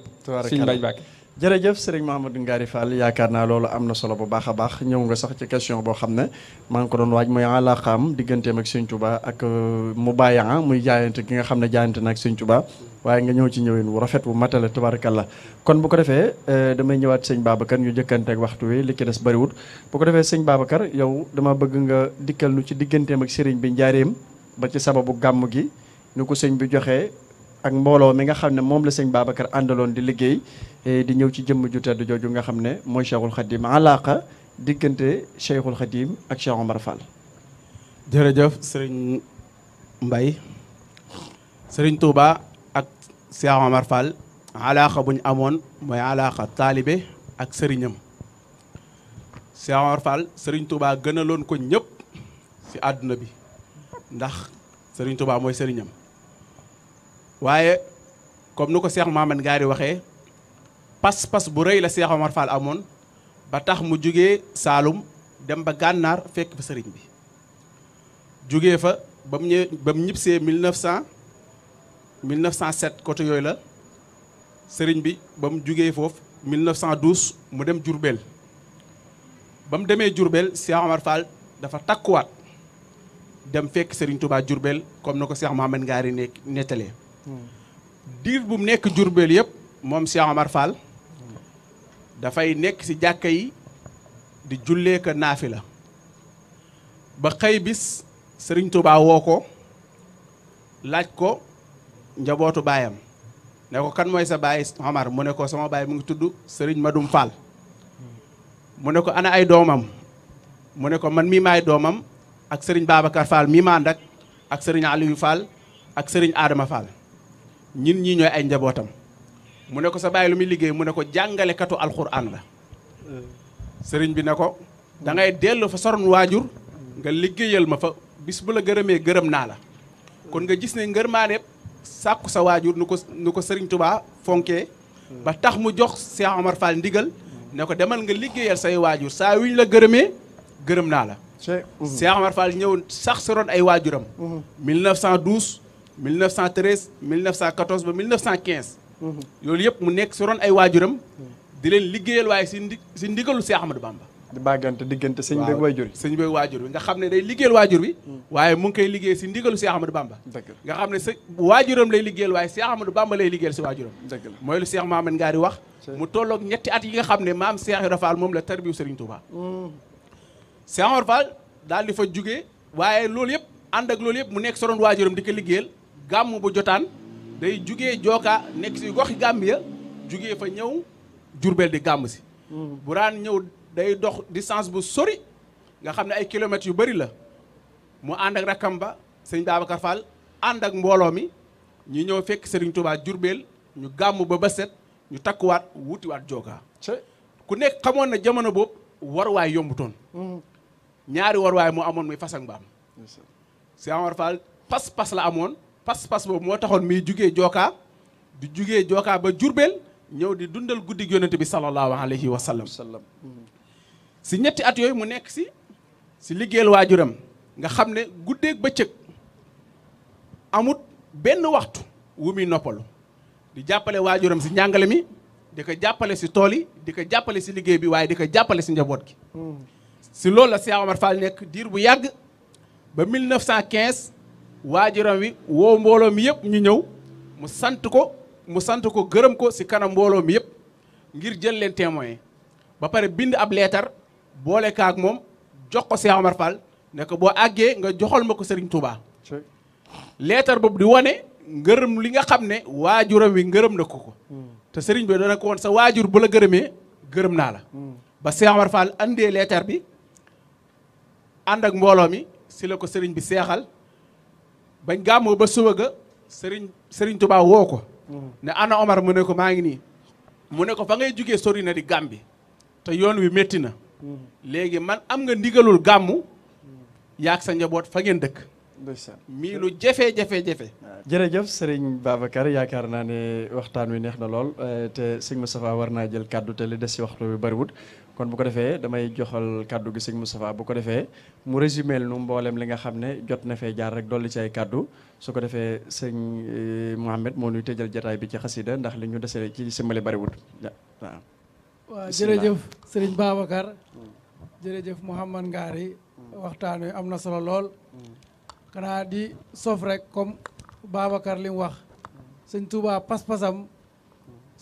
suñ baj bàkke jërëjëf sëriñ Mahamadou Ngari Fall yaakaar naa loolu am na solo bu baax a baax ñëw nga sax ci question boo xam ne maa ngi ko doon waaj mooy alaqaam digganteem ak Sëñ Tuba ak euh, mu bàyyaa muy jaayante ki nga xam ne jaayante na ak Sëñ Tuba waaye nga ñëw ci ñëwin wu rafet wu matale la kon bu ko defee eh, damay ñëwaat sëñ Babacar ñu jëkkanteeg waxtu wi li ci des bariwut bu ko sëñ Babacar yow dama bëgg nga dikkal ci digganteem ak sëriñ bi njaareem ba ci sababu gàmm gi nu ko sëñ bi joxee ak mbooloo mi nga xam ne moom la sëñ Babacar àndaloon di liggéey eh, di ñëw ci jëmm ju tedd jooju nga xam ne mooy Cheikhul Khadim alaaka diggante Cheikhul Khadim ak Cheikh Omar Fall. jërëjëf sëriñ Mbaye sëriñ Touba. Cheikh Omar Fall alaaxa bu ñu amoon mooy alaaxa taalibe ak sëriñam Cheikh Omar Fall sëriñ gënaloon ko ñëpp si àdduna bi ndax sëriñ Touba mooy sëriñam waaye comme nu ko Cheikh Mamadou Ngaari waxee pas-pas bu rey la Cheikh Omar Fall amoon ba tax mu jugee Saalum dem ba gànnaar fekk fa sëriñ bi jugee fa ba mu ñë ba mu 1907 côté yooyu la sëriñ bi ba mu jugee foofu 1912 mu dem Jurbel ba mu demee Jurbel Cheikh Omar Fall dafa takkuwaat dem fekk Serigne Touba Jurbel comme na ko Cheikh Mohamed Ngaari nekk nettalee diir bu mu nekk Jurbel yëpp moom Cheikh Omar Fall dafay nekk ci jàkka yi di jullee naafi la ba xëy bis Serigne Touba woo ko laaj ko njabootu baayam ne ko kan mooy sa baay mu ne ko sama baay mu ngi tudd Serigne madum Fall mu ne ko ana ay doomam mu ne ko man mii maay doomam ak Serigne Babacar Fall mii ma ànd ak ak Serigne Aliou ak Serigne Adama Fall ñin ñii ñooy ay njabootam mu ne ko sa baay lu muy liggéey mu ne ko katu jàngalekatu alxuraan la sëriñ bi ne ko da ngay dellu fa soron waajur nga liggéeyal ma fa bis bu gërëmee gërëm naa la kon nga gis ne ngërmaane sàkku sa waajur nu ko nu ko Serigne Touba fonkee ba tax mu jox Cheikh Omar Fall ndigal ne ko demal nga liggéeyal say waajur saa yu la gërëmee gërëm naa la Cheikh mhm. Omar Fall ñëw sax si ron ay waajuram 1912 1913 1914 ba 1915 mhm. loolu yëpp mu nekk si ron ay waajuram di leen liggéeyal waaye si ndi si ndigalu Cheikh Ahmadou Bamba di bàggante diggante sëñ bi waajur bi sëñ bi waajur bi nga xam ne day liggéeyal waajur bi mm. waaye mu ngi koy liggéey si ndigalu Cheikh Ahmadou ba nga xam ne sa waajuram lay liggéeyal waaye Cheikh Ahmadou Bamba lay liggéeyal si waajuram dëgg la mooy lu Cheikh Mamadou Ngaari wax mu tollook ñetti at yi nga xam ne maam Cheikh Ibra Fall moom la tarbiyu Serigne Touba mm. Cheikh Ibra Fall daal di fa jugee waaye loolu yëpp ànd ak loolu yëpp mu nekk soroon waajuram di ko liggéeyal gàmm bu jotaan day jugee jooka nekk si goxi Gambia jugee fa ñëw Jurbel di gàmm si mm. bu daan day dox distance bu sori nga xam ne ay kilomètres yu bëri la mu ànd ak rakkam ba sëriñ Babacar Fall ànd ak mbooloo mi ñu ñëw fekk sëriñ Touba Jurbel ñu gàmm ba ba set ñu takkuwaat wutiwaat jookaa ku nekk xamoon na jamono boobu waruwaay yombutoon mm. ñaari waruwaay moo amoon muy fas ak mbaam sëriñ Amar Fall pas-pas la amoon pas-pas boobu moo taxoon muy jugee jookaa di jugee jookaa ba Jurbel ñëw di dundal guddi yonente bi sallallahu alayhi wa sallam mm. si ñetti at yooyu mu nekk si si liggéeyal waajuram nga xam ne guddeeg bëccëg amut benn waxtu wu noppalu di jàppale waajuram si njàngale mi di ko jàppale si tool yi di ko jàppale si liggéey bi waaye di ko jàppale si njaboot gi. Hmm. si loolu la Cheikh Omar Fall nekk diir bu yàgg ba 1915 waajuram wi woo mbooloo mi yëpp ñu ñëw mu sant ko mu sant ko gërëm ko si kanam mbooloo mi yëpp ngir jël leen témoin ba pare bind ab leetar. boole kaak moom jox ko Cheikh Omar ne ko boo àggee nga joxal ma ko sëriñ Touba. leetar boobu di wane ngërëm li nga xam ne waajuram wi ngërëm na ko ko. Hmm. te Serigne bi dana ko woon sa waajur bu la gërëmee gërëm naa la. Hmm. ba Cheikh Omar Fall andee leetar bi ànd ak mbooloo mi si la ko sëriñ bi seexal bañ gàmmoo ba suba ga sëriñ Serigne Touba woo ko. Hmm. ne ana Omar mu ne ko maa ngi nii. mu ne ko fa ngay jugee sori na di Gàmbi te yoon wi métti na. léegi man am nga ndigalul gàmmu yaag sa njaboot fa ngeen dëkk mii lu jafe jafe jafe jërëjëf sëriñ Babacar yaakaar naa ne waxtaan wi neex na lool eh, te sëñ Moustapha war naa jël kàddu te li des si waxtu bi bariwut kon bu ko defee damay joxal kàddu gi sëñ Moustapha boo ko defee mu résumé nu mbooleem li nga xam ne jot na fee jaar rek dolli ci ay kàddu su ko defee sëñ eh, Mouhamed moo nuy tëjal jataay bi ci xasida ndax li ñu desee ci simbali bariwut waaw jërëjëf sëriñ Babacar jërëjëf Mouhamad Ngaari waxtaan wi am na solo lool xanaa di sof rek comme Babacar li wax sëñ Touba pas-pasam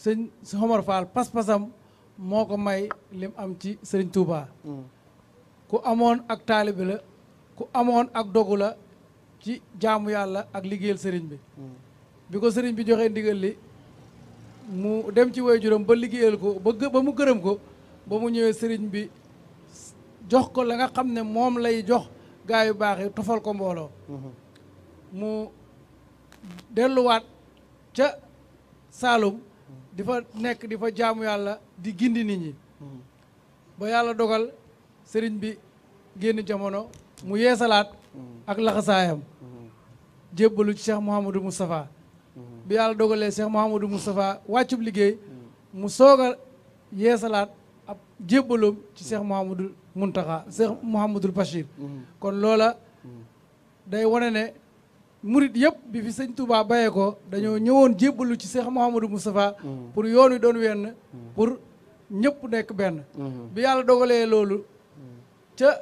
sëñ Omar Fall pas-pasam moo ko may lim am ci sëriñ Touba ku amoon ak taalibi la ku amoon ak dogu la ci jaamu yàlla ak liggéeyal sëriñ bi bi ko sëriñ bi joxee ndigal li mu dem ci waajuram ba liggéeyal ko ba mu gërëm ko ba mu ñëwee sëriñ bi jox ko la nga xam ne moom lay jox gaa yu baax yi ko mbooloo mm-hmm. mu delluwaat ca Saalum di fa nekk di fa jaamu yàlla di gindi nit ñi mm-hmm. ba yàlla dogal sëriñ bi génn jamono mu yeesalaat mm-hmm. ak laxasaayam jébbalu ci Cheikh Mouhamadou Moustapha bi yàlla dogalee Cheikh Mouhamadou Moustapha wàccub liggéey mu soog a yeesalaat ab jébbaloom ci Cheikh Mouhamadou Mountakha Cheikh Mouhamadou Bachir kon loola day wane ne murit yëpp bi fi sëñ Touba bayee ko dañoo ñëwoon jébbalu ci Cheikh Mouhamadou Moustapha pour yoon wi doon wenn pour ñëpp nekk benn bi yàlla dogalee loolu ca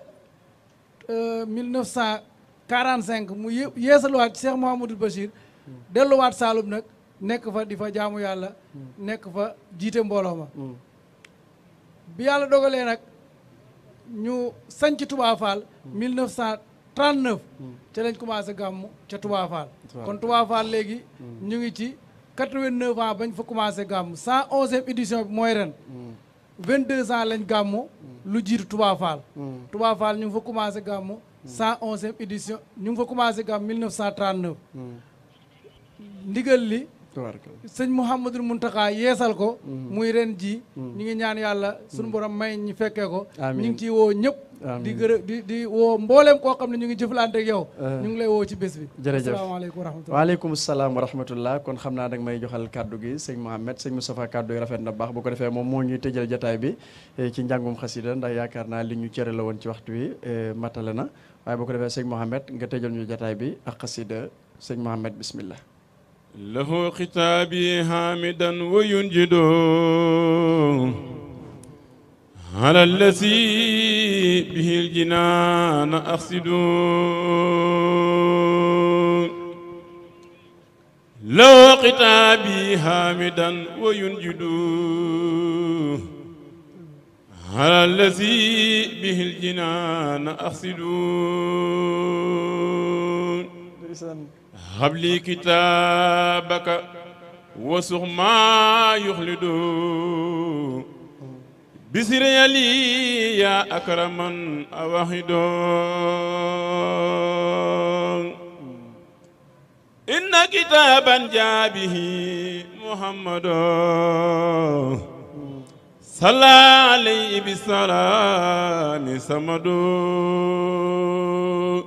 1945 euh, mu yeesaluwaat Cheikh Mouhamadou Bachir delluwaat Saalum nag nekk fa di fa jaamu yàlla nekk fa jiite mbooloo ma hmm. bi yàlla dogalee nag ñu sanc Touba Fall 1939 hmm. hmm. ca lañ commencé gàmmu ca Touba Fall kon Touba Fall léegi ñu ngi ci 89 ans bañ fa commencé gàmmu 111e e édition bi mooy ren 22 ans lañ gàmmu lu jiitu Touba Fall Touba Fall ñu ngi fa commencé gàmmu 111e e édition ñu ngi fa commencé gàmmu 1939 ndigal li sëñ Mouhamadul Muntaxa yeesal ko mm-hmm. muy ren ji mm-hmm. ñu ngi ñaan yàlla suñu borom may ñu fekkee ko ñu ngi ciy woo ñëpp di gërëm di di woo mbooleem koo xam ne ñu ngi jëflante ak yow eh. ñu ngi lay woo ci bés bi jërëjëf asalaamaaleykum wa rahmatulah waaleykum salaam wa kon xam naa da nga may joxal kàddu gi sëñ Mouhamed sëñ Moustapha kaddu yi rafet na baax bu ko defee moom moo ñuy tëjal jataay bi eh, ci njàngum xasida ndax yaakaar naa li ñu cere la woon ci waxtu wi eh, matale na waaye bu ko defee sëñ Mouhamed nga tëjal ñu jataay bi ak xasida sëñ Mouhamed bismillah له خطابي حامدا وينجد على الذي به الجنان أقصد له خطابي حامدا وينجد على الذي به الجنان أقصد habli kitaabaka wa sux maa yuxlidu bisirayali yaa akraman awaxidoon inna kitaaban jaabihi muhammadoo salla alayhi bisalaami samadoo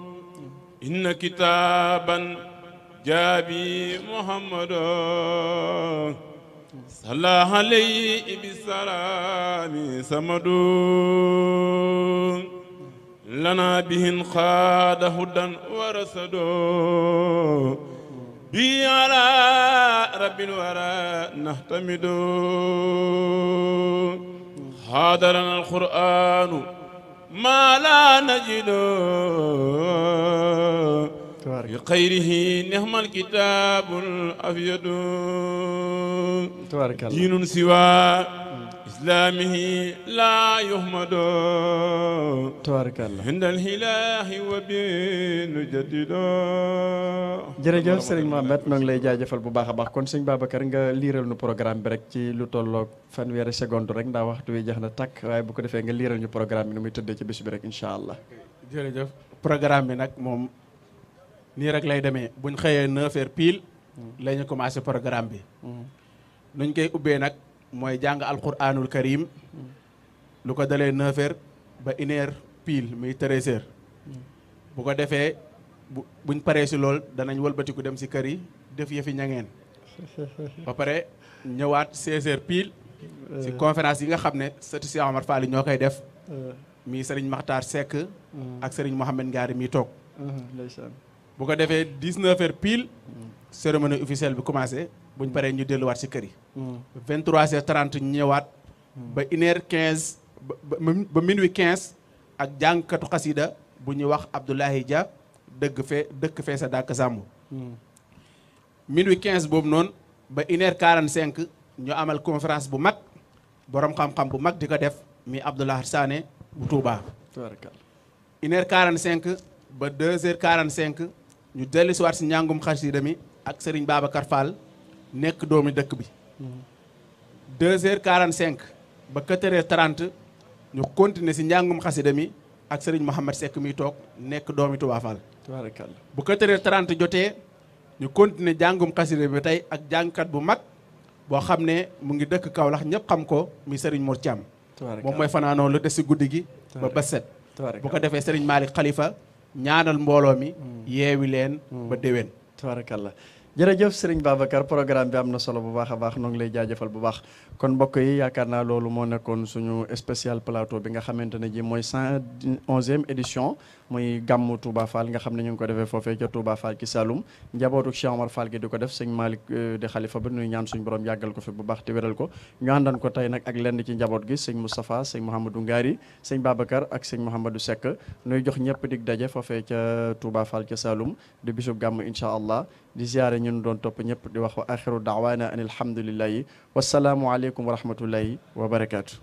jaabi muhammad sallallahu alayhi bisalaami samadun lana bihin xaada hudan warasado bi ala rabbil wara nahtamidu xaada lana alquranu ma la najidu bi xayrihi nixmal kitaabul afyadu diinun siwa islaamihi laa yuhmado tabaarakallah indal ilaahi wa bi nu jaddido jërëjëf sëriñ Mohamed noo ngi lay jaajëfal bu baax a baax kon sëñ Babacar nga liiral nu programme bi rek ci lu tolloog weer seconde rek ndax waxtu wi jeex na tàkk waaye bu ko defee nga liiral ñu programme bi nu muy tëddee ci bés bi rek incha allah jërëjëf programme bi nag moom nii rek lay demee buñ xëyee 9h pile. Mm. la ñu commencé programme bi. Mm. nuñ koy ubbee nag mooy jàng alquranul karim. Mm. lu ko dalee 9 ba 1h pile muy 13 bu ko defee bu buñ paree si lool danañ walbatiku dem si kër yi def yëfi ñangeen ba pare ñëwaat 16h pile. Euh. si conférence yi nga xam ne sëti si ñoo koy def. Euh. mi Serigne Makhtar Seck. ak Serigne Mohamed Ngari mii toog. Mm-hmm. bu ko defee 19 heures pile cérémonie officielle bi commencé buñ paree ñu waat ci kër yi. 23 heures 30 ñu ñëwaat. ba 1 ba ba minuit 15 ak jàngkatu xasida bu ñuy wax Abdoulaye Dia dëgg fee dëkk fee sa dàkk sàmm. minuit boobu noon ba 1 heure 45 ñu amal conférence bu mag borom xam-xam bu mag di ko def mi Abdoulaye Sané bu Touba. 1 heure 45 ba 2 heures 45. ñu dellu siwaat si njàngum xasida mi ak Serigne Babacar Fall nekk doomi dëkk bi 2 heures 45 ba 4 heures ñu continuer si njàngum xasida mi ak sëriñ Mouhamed Seck mi toog nekk doomi Touba Fall bu 4 heures jotee ñu continuer jàngum xasida bi tey ak jàngkat bu mag boo xam ne mu ngi dëkk Kaolack ñëpp xam ko muy Serigne Mor Thiam moom mooy fanaanoo lu des si guddi gi ba ba set bu ko defee Serigne Malick Khalifa ñaanal mbooloo mi mm. yeewi leen ba mm. déwén tabarakallah jërëjëf sëriñ Babacar programme bi am na solo bu baax a baax noo ngi lay jaajëfal bu baax kon mbokk yi yaakaar naa loolu moo nekkoon suñu spécial plateau bi nga xamante ne ji mooy cent onzième e édition mooy gàmmu Touba Fall nga xam ne ñu ngi ko defee foofee ca Touba Fall ci Saloum njabootu Cheikh Omar Fall gi ko def sëñ Malick euh, xalifa bi nuy ñaan suñ borom yàggal ko fi bu baax te wéral ko ñu àndan ko tey nag ak lenn ci njaboot gi sëñ Moustapha sëñ Mouhamadou ngaari sëñ Babacar ak sëñ Mouhamadou sekk nuy jox ñëpp dig daje foofee ca Touba Fall ca saalum di bisub gàmm incha allah di ziare ñun doon topp ñëpp di wax wa axiru daawaana an alhamdulillahi wasalaamu aleykum aleykum wa rahmatullahi wa barakaatu.